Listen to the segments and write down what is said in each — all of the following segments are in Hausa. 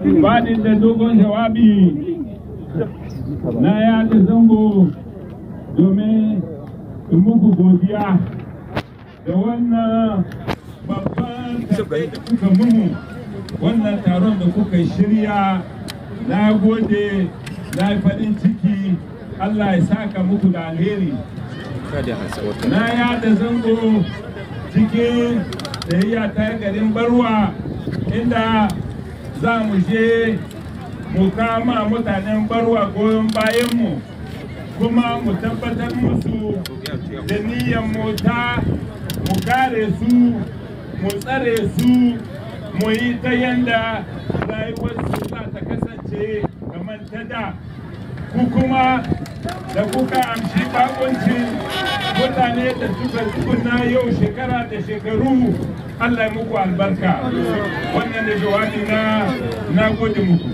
Ibadin da dogon jawabi na yaɗa zango domin muku godiya da wannan babban tarbe da kuka wannan taron da kuka shirya na gode na faɗin ciki Allah ya saka muku da alheri. Na yada zango cikin da ta garin barwa inda za mu je mu kama mutanen barwa goyon bayan mu kuma mu tabbatar musu da niyyar mota mu kare su mu tsare su mu yi ta yanda rayuwarsu za ta kasance kamar ta da kukuma da kuka amshi bakunci mutane da suka tukuna yau shekara da shekaru Allah ya muku albarka wannan da jawabi na na gode muku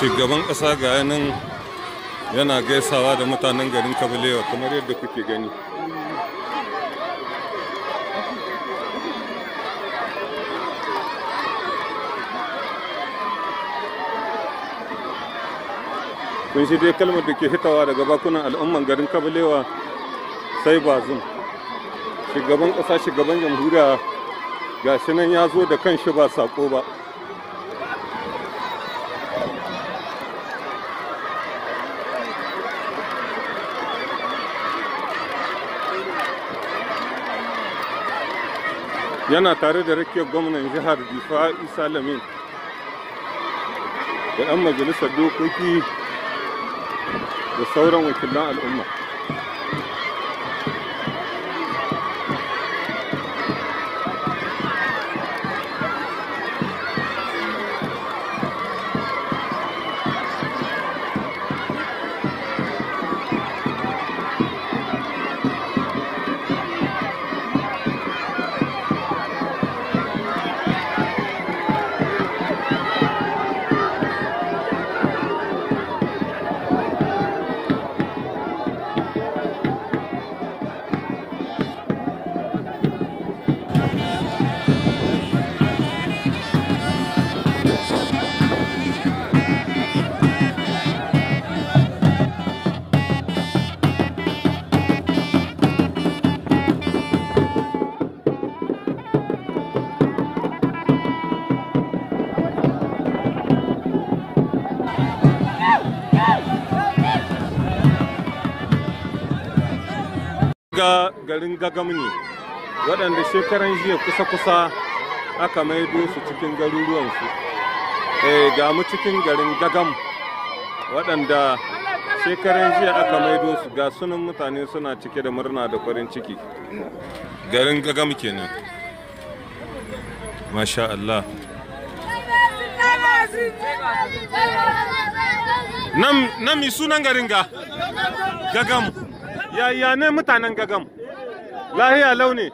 shugaban ƙasa ga yanin yana gaisawa da mutanen garin kabilewa kamar yadda kuke gani kun shi dai kalmar da ke hitawa daga bakunan al'umman garin kabalewa sai bazum shugaban ƙasa shugaban jamhuriya ga shi nan ya zo da kan shi ba sako ba yana tare da rakiyar gwamnan jihar difa isa lamin da 'yan majalisar dokoki The third one we could not. Oh my. shiga garin gagam waɗanda shekaran jiya kusa-kusa aka maido su cikin garuruwansu eh, ga mu cikin garin gagam waɗanda shekaran jiya aka maido su ga sunan mutane suna cike da murna da farin ciki garin gagam kenan masha Allah nan mi sunan garin ga gagam ya ne mutanen gagam lahiya launi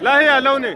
lahiya launi